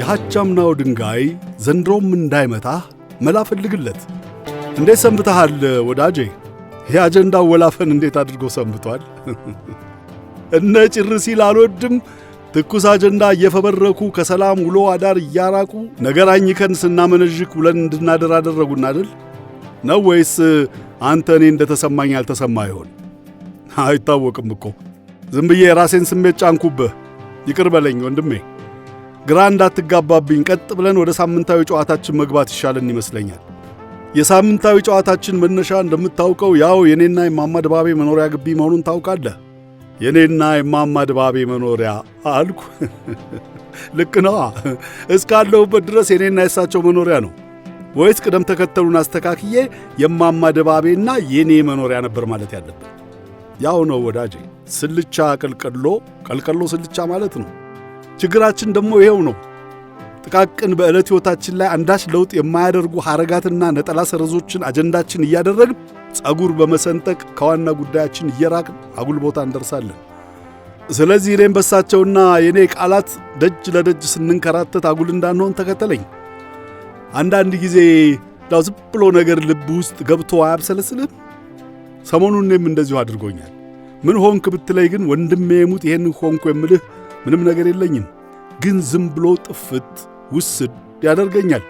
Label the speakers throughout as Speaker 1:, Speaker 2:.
Speaker 1: የሐቻምናው ድንጋይ ዘንድሮም እንዳይመታህ መላ ፈልግለት። እንዴት ሰንብተሃል ወዳጄ? ይህ አጀንዳው ወላፈን እንዴት አድርጎ ሰንብቷል? እነ ጭር ሲል አልወድም ትኩስ አጀንዳ እየፈበረኩ ከሰላም ውሎ አዳር እያራቁ ነገር አኝከን ስናመነዥክ ውለን እንድናደር አደረጉን አይደል? ነው ወይስ አንተ እኔ እንደተሰማኝ ያልተሰማ ይሆን? አይታወቅም እኮ ዝም ብዬ የራሴን ስሜት ጫንኩብህ። ይቅር በለኝ ወንድሜ። ግራ እንዳትጋባብኝ ቀጥ ብለን ወደ ሳምንታዊ ጨዋታችን መግባት ይሻለን ይመስለኛል። የሳምንታዊ ጨዋታችን መነሻ እንደምታውቀው ያው የኔና የማማ ድባቤ መኖሪያ ግቢ መሆኑን ታውቃለህ። የኔና የማማ ድባቤ መኖሪያ አልኩ። ልክ ነዋ። እስካለሁበት ድረስ የኔና የሳቸው መኖሪያ ነው ወይስ ቅደም ተከተሉን አስተካክዬ የማማ ድባቤና የኔ መኖሪያ ነበር ማለት ያለብን? ያው ነው ወዳጄ፣ ስልቻ ቀልቀሎ ቀልቀሎ ስልቻ ማለት ነው። ችግራችን ደግሞ ይሄው ነው። ጥቃቅን በዕለት ሕይወታችን ላይ አንዳች ለውጥ የማያደርጉ ሐረጋትና ነጠላ ሰረዞችን አጀንዳችን እያደረግን ጸጉር በመሰንጠቅ ከዋና ጉዳያችን እየራቅን አጉል ቦታ እንደርሳለን። ስለዚህ እኔም በሳቸውና የእኔ ቃላት ደጅ ለደጅ ስንንከራተት አጉል እንዳንሆን ተከተለኝ። አንዳንድ ጊዜ ዳው ዝም ብሎ ነገር ልብ ውስጥ ገብቶ አያብሰለስልም? ሰሞኑን እኔም እንደዚሁ አድርጎኛል። ምን ሆንክ ብትለይ ግን ወንድሜ የሙት ይሄን ሆንኩ የምልህ ምንም ነገር የለኝም፣ ግን ዝም ብሎ ጥፍት ውስድ ያደርገኛል።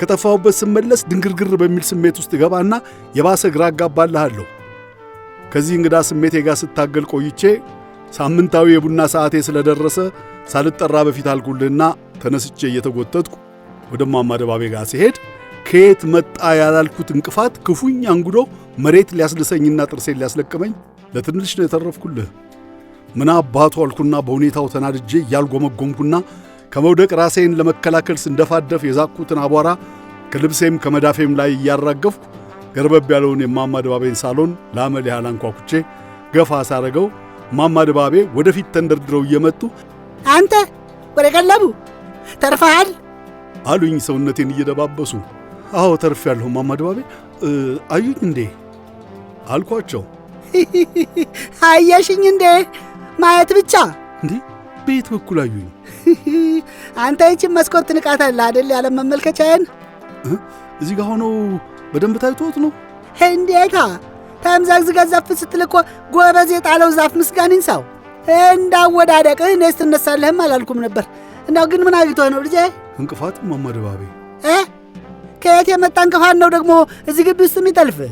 Speaker 1: ከጠፋሁበት ስመለስ ድንግርግር በሚል ስሜት ውስጥ ገባና የባሰ ግራ አጋባልሃለሁ። ከዚህ እንግዳ ስሜቴ ጋር ስታገል ቆይቼ ሳምንታዊ የቡና ሰዓቴ ስለደረሰ ሳልጠራ በፊት አልኩልህና ተነስቼ እየተጎተትኩ ወደ እማማ ደባቤ ጋር ሲሄድ ከየት መጣ ያላልኩት እንቅፋት ክፉኝ አንጉዶ መሬት ሊያስልሰኝና ጥርሴን ሊያስለቅመኝ ለትንሽ ነው የተረፍኩልህ። ምን አባቱ አልኩና በሁኔታው ተናድጄ እያልጎመጎምኩና ከመውደቅ ራሴን ለመከላከል ስንደፋደፍ የዛቅኩትን አቧራ ከልብሴም ከመዳፌም ላይ እያራገፍኩ ገርበብ ያለውን የማማ ድባቤን ሳሎን ለአመል ያህል አንኳኩቼ ገፋ ሳረገው ማማ ድባቤ ወደፊት ተንደርድረው እየመጡ አንተ ወደ ቀለቡ ተርፈሃል አሉኝ፣ ሰውነቴን እየደባበሱ። አዎ ተርፍ ያለሁ ማማ ድባቤ አዩኝ እንዴ አልኳቸው።
Speaker 2: አየሽኝ እንዴ ማየት ብቻ እንዴ?
Speaker 1: በየት በኩል አዩኝ?
Speaker 2: አንተ ይቺን መስኮት ትንቃታለህ አይደል? ያለ መመልከቻዬን እዚህ ጋር ሆነው በደንብ ታይቶት ነው። እንዴታ ተምዘግዝገ ዛፍ ስትል እኮ ጎበዝ የጣለው ዛፍ ምስጋን ይንሳው። እንዳወዳደቅህ እኔስ ትነሳለህም አላልኩም ነበር። እንዳው ግን ምን አግኝቶህ ነው ልጄ?
Speaker 1: እንቅፋት ማማደባቤ።
Speaker 2: ከየት የመጣ እንቅፋት ነው ደግሞ እዚህ ግቢ ውስጥ የሚጠልፍህ?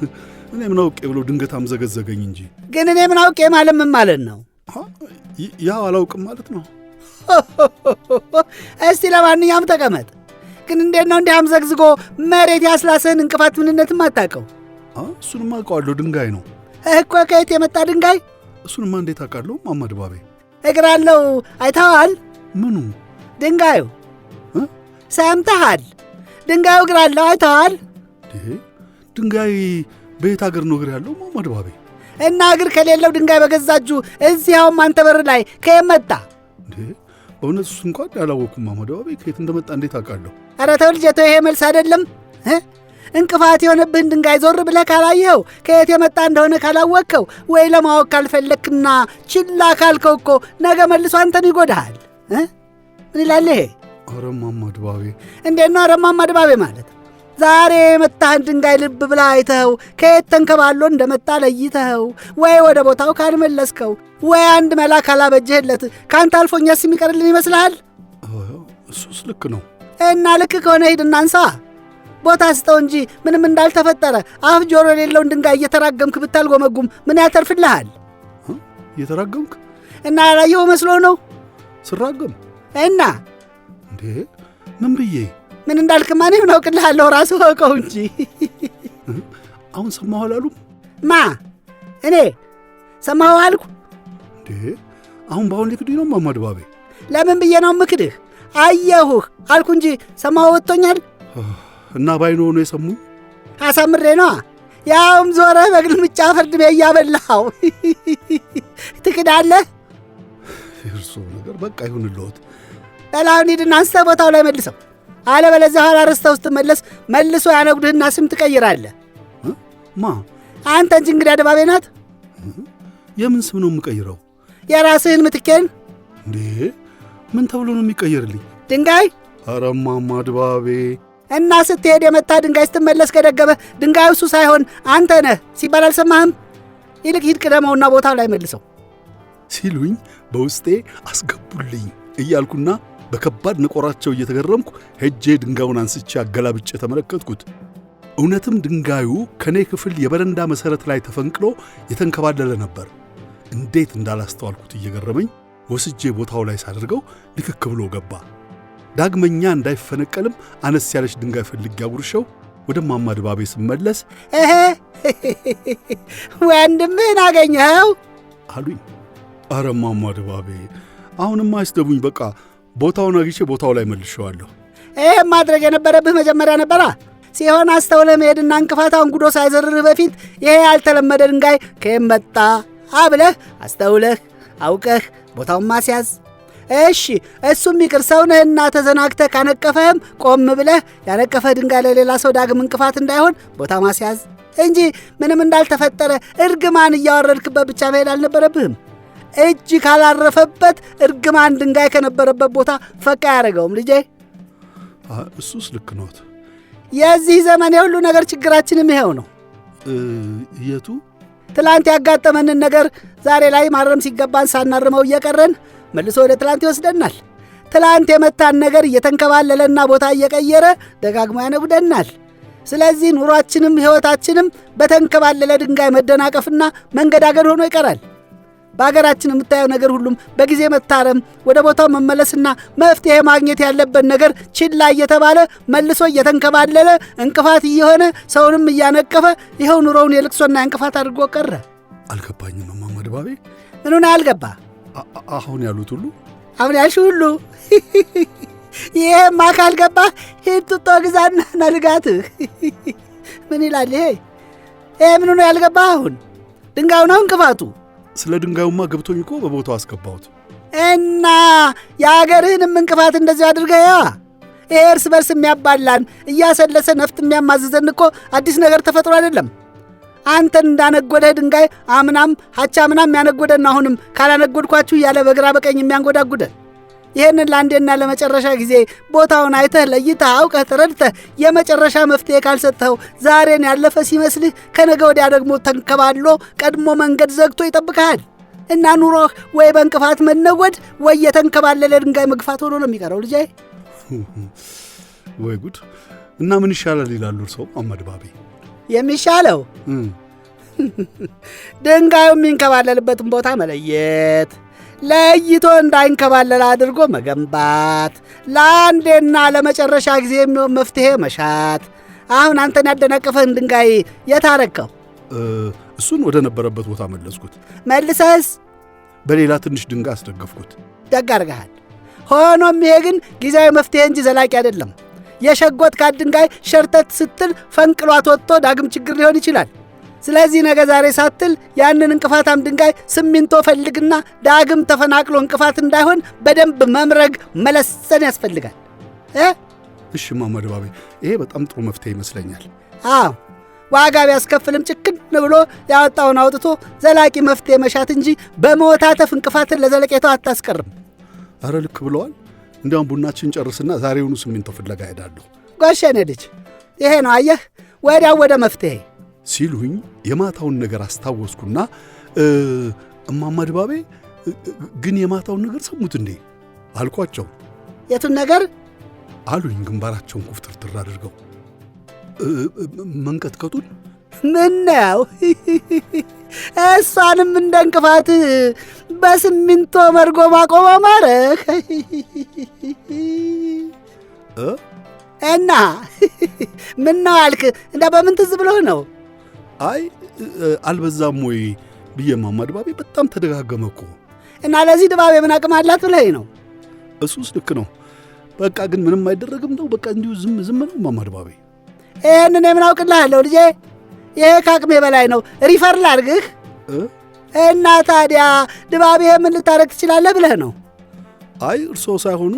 Speaker 1: እኔ ምን አውቄ ብሎ ድንገት አምዘገዘገኝ እንጂ።
Speaker 2: ግን እኔ ምን አውቄ ማለት ምን ማለት ነው? ያው አላውቅም ማለት ነው። እስቲ ለማንኛውም ተቀመጥ። ግን እንዴት ነው እንዲህ አምዘግዝጎ መሬት ያስላሰህን እንቅፋት ምንነትም አታውቀው? እሱንማ አውቀዋለሁ። ድንጋይ ነው እኮ። ከየት የመጣ ድንጋይ? እሱንማ እንዴት አውቃለሁ? ድባቤ እግር አለው አይተኸዋል? ምኑ ድንጋዩ? ሰምተሃል? ድንጋዩ እግር አለው አይተኸዋል?
Speaker 1: ድንጋይ በየት አገር ነው እግር ያለው ማማ ባቤ?
Speaker 2: እና እግር ከሌለው ድንጋይ በገዛችሁ እጁ አሁን አንተ በር ላይ ከየት መጣ እንዴ?
Speaker 1: በእውነት እሱ እንኳን ያላወቅኩም ማማ ባቤ፣ ከየት እንደመጣ እንዴት አውቃለሁ?
Speaker 2: ኧረ ተው ልጄ ተው፣ ይሄ መልስ አይደለም። እንቅፋት የሆነብህን ድንጋይ ዞር ብለህ ካላየኸው፣ ከየት የመጣ እንደሆነ ካላወቅከው፣ ወይ ለማወቅ ካልፈለግክና ችላ ካልከው እኮ ነገ መልሶ አንተን ይጎዳሃል። ምን ይላል ይሄ? ኧረ ማማ ድባቤ! እንዴት ነው ኧረ ማማ ድባቤ ማለት ዛሬ የመታህን ድንጋይ ልብ ብላ አይተኸው ከየት ተንከባሎ እንደመጣ ለይተኸው፣ ወይ ወደ ቦታው ካልመለስከው፣ ወይ አንድ መላ ካላበጀህለት ከአንተ አልፎኛስ የሚቀርልን ይመስልሃል?
Speaker 1: እሱስ ልክ ነው።
Speaker 2: እና ልክ ከሆነ ሂድና እናንሳ ቦታ ስጠው እንጂ ምንም እንዳልተፈጠረ አፍ ጆሮ የሌለውን ድንጋይ እየተራገምክ ብታልጎመጉም ምን ያተርፍልሃል? እየተራገምክ እና ያላየኸው መስሎ ነው ስራገም እና እንዴ ምን ብዬ ምን እንዳልክ እኔ ምን አውቅልሃለሁ? ራሱ አውቀው እንጂ አሁን ሰማሁ አላሉ ማ እኔ ሰማሁ አልኩ
Speaker 1: እንዴ? አሁን በአሁን ሊክዱኝ ነው እማማ ድባቤ?
Speaker 2: ለምን ብዬ ነው ምክድህ? አየሁህ አልኩ እንጂ ሰማሁ ወጥቶኛል።
Speaker 1: እና ባይኖ ሆኖ የሰሙ
Speaker 2: አሳምሬ ነዋ ያውም ዞረ በግልምጫ ፍርድ ቤ እያበላኸው ትክዳለህ።
Speaker 1: የእርስዎ ነገር በቃ ይሁንልዎት።
Speaker 2: በላሁን ሂድና አንስተ ቦታው ላይ መልሰው። አለበለዚያ ኋላ ረስተው ስትመለስ መልሶ ያነጉድህና ስም ትቀይራለህ። ማ አንተ እንጂ እንግዲህ ደባቤ ናት። የምን ስም ነው የምቀይረው? የራስህን ምትኬን። እንዴ ምን ተብሎ ነው የሚቀየርልኝ? ድንጋይ።
Speaker 1: ኧረ እማማ ድባቤ
Speaker 2: እና ስትሄድ የመታ ድንጋይ ስትመለስ ከደገመ ድንጋዩ እሱ ሳይሆን አንተ ነህ ሲባል አልሰማህም? ይልቅ ሂድ ቅደመውና ቦታው ላይ መልሰው
Speaker 1: ሲሉኝ በውስጤ አስገቡልኝ እያልኩና በከባድ ንቆራቸው እየተገረምኩ ሄጄ ድንጋዩን አንስቼ አገላብጬ ተመለከትኩት። እውነትም ድንጋዩ ከእኔ ክፍል የበረንዳ መሠረት ላይ ተፈንቅሎ የተንከባለለ ነበር። እንዴት እንዳላስተዋልኩት እየገረመኝ ወስጄ ቦታው ላይ ሳደርገው ንክክ ብሎ ገባ። ዳግመኛ እንዳይፈነቀልም አነስ ያለች ድንጋይ ፈልጌ አጉርሸው ወደ ማማ ድባቤ ስመለስ
Speaker 2: እህ ወንድምህን አገኘኸው
Speaker 1: አሉኝ። አረ ማማ ድባቤ አሁንም አይስደቡኝ፣ በቃ ቦታውን አግኝቼ
Speaker 2: ቦታው ላይ መልሸዋለሁ። ይህም ማድረግ የነበረብህ መጀመሪያ ነበራ። ሲሆን አስተውለህ መሄድና እንቅፋት አንጉዶ ሳይዘርርህ በፊት ይሄ ያልተለመደ ድንጋይ ከየት መጣ አብለህ አስተውለህ አውቀህ ቦታውን ማስያዝ። እሺ እሱም ይቅር ሰው ነህና ተዘናግተህ ካነቀፈህም ቆም ብለህ ያነቀፈ ድንጋይ ለሌላ ሰው ዳግም እንቅፋት እንዳይሆን ቦታ ማስያዝ እንጂ ምንም እንዳልተፈጠረ እርግማን እያወረድክበት ብቻ መሄድ አልነበረብህም። እጅ ካላረፈበት እርግማን ድንጋይ ከነበረበት ቦታ ፈቃ አያደርገውም። ልጄ እሱስ ልክ ኖት። የዚህ ዘመን የሁሉ ነገር ችግራችንም ይኸው ነው። የቱ ትላንት ያጋጠመንን ነገር ዛሬ ላይ ማረም ሲገባን ሳናርመው እየቀረን መልሶ ወደ ትላንት ይወስደናል። ትላንት የመታን ነገር እየተንከባለለና ቦታ እየቀየረ ደጋግሞ ያነጉደናል። ስለዚህ ኑሯችንም ሕይወታችንም በተንከባለለ ድንጋይ መደናቀፍና መንገዳገድ ሆኖ ይቀራል። በሀገራችን የምታየው ነገር ሁሉም በጊዜ መታረም ወደ ቦታው መመለስና መፍትሄ ማግኘት ያለበት ነገር ችላ እየተባለ መልሶ እየተንከባለለ እንቅፋት እየሆነ ሰውንም እያነቀፈ ይኸው ኑሮውን የልቅሶና እንቅፋት አድርጎ ቀረ። አልገባኝም እማማ ድባቤ። ምኑን አልገባ?
Speaker 1: አሁን ያሉት ሁሉ
Speaker 2: አሁን ያልሽ ሁሉ ይሄማ ካልገባ ሂድ ጡጦ ግዛና ነድጋትህ። ምን ይላል ይሄ? ይሄ ምኑ ነው ያልገባ? አሁን ድንጋዩ ነው እንቅፋቱ ስለ ድንጋዩማ ገብቶኝ እኮ በቦታው አስገባሁት። እና የአገርህንም እንቅፋት እንደዚህ አድርገያ ይሄ እርስ በርስ የሚያባላን እያሰለሰ ነፍጥ የሚያማዝዘን እኮ አዲስ ነገር ተፈጥሮ አይደለም። አንተን እንዳነጎደህ ድንጋይ አምናም ሀቻ ምናም ያነጎደን አሁንም ካላነጎድኳችሁ እያለ በግራ በቀኝ የሚያንጎዳጉደን ይህንን ለአንዴና ለመጨረሻ ጊዜ ቦታውን አይተህ ለይተህ አውቀህ ተረድተህ የመጨረሻ መፍትሄ ካልሰጥኸው ዛሬን ያለፈ ሲመስልህ ከነገ ወዲያ ደግሞ ተንከባሎ ቀድሞ መንገድ ዘግቶ ይጠብቀሃል እና ኑሮህ ወይ በእንቅፋት መነወድ ወይ የተንከባለለ ድንጋይ መግፋት ሆኖ ነው የሚቀረው ልጄ።
Speaker 1: ወይ ጉድ! እና ምን ይሻላል ይላሉ እርስዎ አመድባቤ?
Speaker 2: የሚሻለው ድንጋዩ የሚንከባለልበትን ቦታ መለየት ለይቶ እንዳይንከባለል አድርጎ መገንባት፣ ለአንዴና ለመጨረሻ ጊዜ የሚሆን መፍትሄ መሻት። አሁን አንተን ያደናቀፈህን ድንጋይ የታረከው?
Speaker 1: እሱን ወደ ነበረበት ቦታ መለስኩት። መልሰስ በሌላ ትንሽ ድንጋይ አስደገፍኩት።
Speaker 2: ደግ አድርገሃል። ሆኖም ይሄ ግን ጊዜያዊ መፍትሄ እንጂ ዘላቂ አይደለም። የሸጎት ድንጋይ ሸርተት ስትል ፈንቅሏት ወጥቶ ዳግም ችግር ሊሆን ይችላል። ስለዚህ ነገ ዛሬ ሳትል ያንን እንቅፋታም ድንጋይ ሲሚንቶ ፈልግና ዳግም ተፈናቅሎ እንቅፋት እንዳይሆን በደንብ መምረግ መለሰን ያስፈልጋል።
Speaker 1: እሺ ማማ ድባቤ፣ ይሄ በጣም ጥሩ መፍትሄ ይመስለኛል።
Speaker 2: አዎ ዋጋ ቢያስከፍልም ጭክን ብሎ ያወጣውን አውጥቶ ዘላቂ መፍትሄ መሻት እንጂ በመወታተፍ እንቅፋትን ለዘለቄታው አታስቀርም።
Speaker 1: አረ ልክ ብለዋል። እንዲያውም ቡናችን ጨርስና ዛሬውኑ ሲሚንቶ ፍለጋ ሄዳለሁ።
Speaker 2: ጎሸኔ ልጅ፣ ይሄ ነው አየህ፣ ወዲያው ወደ መፍትሄ
Speaker 1: ሲሉኝ የማታውን ነገር አስታወስኩና እማማ ድባቤ ግን የማታውን ነገር ሰሙት እንዴ አልኳቸው። የቱን ነገር አሉኝ፣ ግንባራቸውን ኩፍትርትር አድርገው።
Speaker 2: መንቀጥቀጡን። ምነው እሷንም እንደ እንቅፋት በስሚንቶ መርጎ ማቆም አማረህ እና ምነው አልክ? እንዳ በምን ትዝ ብሎህ ነው?
Speaker 1: አይ አልበዛም ወይ ብዬ ማማ ድባቤ በጣም ተደጋገመ እኮ
Speaker 2: እና ለዚህ ድባቤ ምን አቅም አላት ብለኸኝ
Speaker 1: ነው? እሱስ ልክ ነው።
Speaker 2: በቃ ግን ምንም አይደረግም ነው። በቃ እንዲሁ ዝም ዝም ነው ማማ ድባቤ። ይህንን የምን አውቅልሃለሁ ልጄ፣ ይሄ ከአቅሜ በላይ ነው። ሪፈር ላድርግህ እና ታዲያ ድባቤ ምን ልታደረግ ትችላለህ ብለህ ነው?
Speaker 1: አይ እርስዎ ሳይሆኑ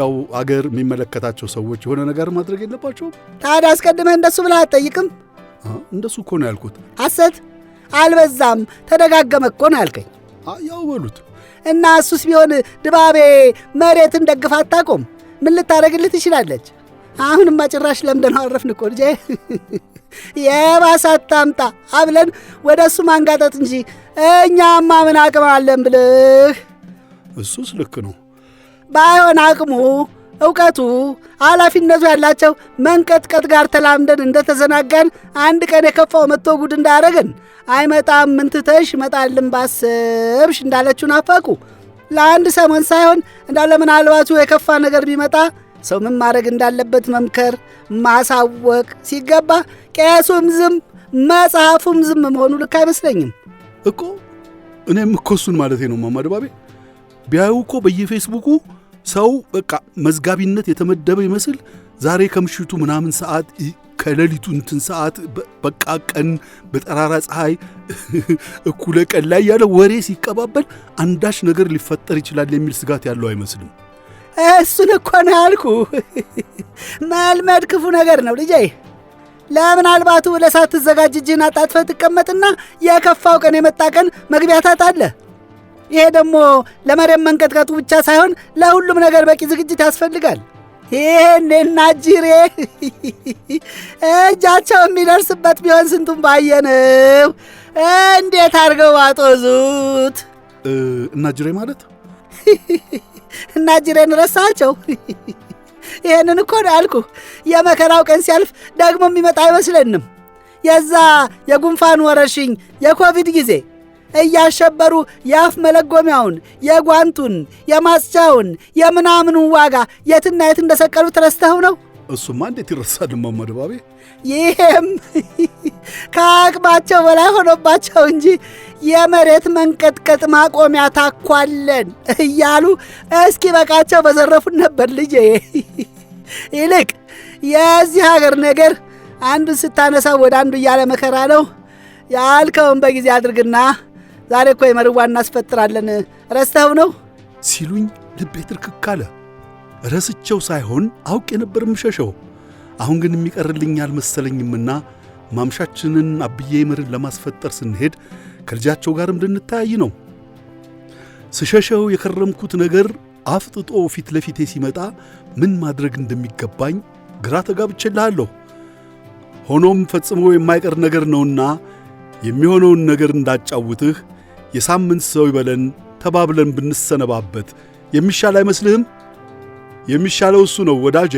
Speaker 1: ያው
Speaker 2: አገር የሚመለከታቸው ሰዎች የሆነ ነገር ማድረግ የለባቸውም? ታዲያ አስቀድመህ እንደሱ ብለህ አትጠይቅም? እንደሱ እኮ ነው ያልኩት። ሐሰት አልበዛም፣ ተደጋገመ እኮ ነው ያልከኝ። ያው በሉት እና እሱስ ቢሆን ድባቤ መሬትን ደግፋ አታቆም። ምን ልታደረግልህ ትችላለች? አሁንማ ጭራሽ ለምደነው አረፍን እኮ ልጄ። የባሰ አታምጣ አብለን ወደ እሱ ማንጋጠጥ እንጂ እኛማ ምን አቅም አለን ብልህ። እሱስ ልክ ነው ባይሆን አቅሙ እውቀቱ ኃላፊነቱ ያላቸው መንቀጥቀጥ ጋር ተላምደን እንደተዘናጋን አንድ ቀን የከፋው መጥቶ ጉድ እንዳያረግን አይመጣም ምንትተሽ መጣልን ባስብሽ እንዳለችው ናፈቁ። ለአንድ ሰሞን ሳይሆን እንዳለ ምናልባቱ የከፋ ነገር ቢመጣ ሰው ምን ማድረግ እንዳለበት መምከር ማሳወቅ ሲገባ ቄሱም ዝም መጽሐፉም ዝም መሆኑ ልክ አይመስለኝም እኮ። እኔም እኮ
Speaker 1: ማለቴ ነው። ማማ ድባቤ ቢያዩ እኮ በየፌስቡኩ ሰው በቃ መዝጋቢነት የተመደበ ይመስል ዛሬ ከምሽቱ ምናምን ሰዓት ከሌሊቱ እንትን ሰዓት በቃ ቀን በጠራራ ፀሐይ እኩለ ቀን ላይ ያለ ወሬ ሲቀባበል አንዳች ነገር ሊፈጠር ይችላል የሚል ስጋት ያለው አይመስልም።
Speaker 2: እሱን እኮ ነው መልመድ ክፉ ነገር ነው ልጄ። ለምናልባቱ ለሳትዘጋጅ እጅህን አጣጥፈህ ትቀመጥና የከፋው ቀን የመጣ ቀን መግቢያ ታጣለህ። ይሄ ደግሞ ለመሬት መንቀጥቀጡ ብቻ ሳይሆን ለሁሉም ነገር በቂ ዝግጅት ያስፈልጋል። ይሄኔና ጅሬ እጃቸው የሚደርስበት ቢሆን ስንቱን ባየነው። እንዴት አድርገው አጦዙት
Speaker 1: እና ጅሬ ማለት
Speaker 2: እና ጅሬን ረሳቸው። ይህንን እኮ አልኩ። የመከራው ቀን ሲያልፍ ደግሞ የሚመጣ አይመስለንም። የዛ የጉንፋን ወረርሽኝ የኮቪድ ጊዜ እያሸበሩ የአፍ መለጎሚያውን የጓንቱን የማስቻውን የምናምኑን ዋጋ የትና የት እንደሰቀሉ ትረስተው ነው። እሱማ እንዴት ይረሳል እማማ ድባቤ? ይህም ከአቅማቸው በላይ ሆኖባቸው እንጂ የመሬት መንቀጥቀጥ ማቆሚያ ታኳለን እያሉ እስኪ በቃቸው በዘረፉን ነበር ልጄ። ይልቅ የዚህ ሀገር ነገር አንዱን ስታነሳው ወደ አንዱ እያለ መከራ ነው። ያልከውን በጊዜ አድርግና ዛሬ እኮ የመርዋ እናስፈጥራለን ረስተው ነው
Speaker 1: ሲሉኝ ልቤ ትርክክ አለ። ረስቸው ሳይሆን አውቅ የነበር ምሸሸው። አሁን ግን የሚቀርልኝ አልመሰለኝምና ማምሻችንን አብዬ ምርን ለማስፈጠር ስንሄድ ከልጃቸው ጋርም እንድንተያይ ነው። ስሸሸው የከረምኩት ነገር አፍጥጦ ፊት ለፊቴ ሲመጣ ምን ማድረግ እንደሚገባኝ ግራ ተጋብቼልሃለሁ። ሆኖም ፈጽሞ የማይቀር ነገር ነውና የሚሆነውን ነገር እንዳጫውትህ የሳምንት ሰው ይበለን ተባብለን ብንሰነባበት የሚሻል አይመስልህም? የሚሻለው እሱ ነው ወዳጄ።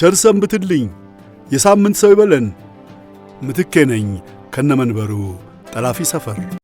Speaker 1: ቸር ሰንብትልኝ። የሳምንት ሰው ይበለን። ምትኬ ነኝ ከነመንበሩ ጠላፊ ሰፈር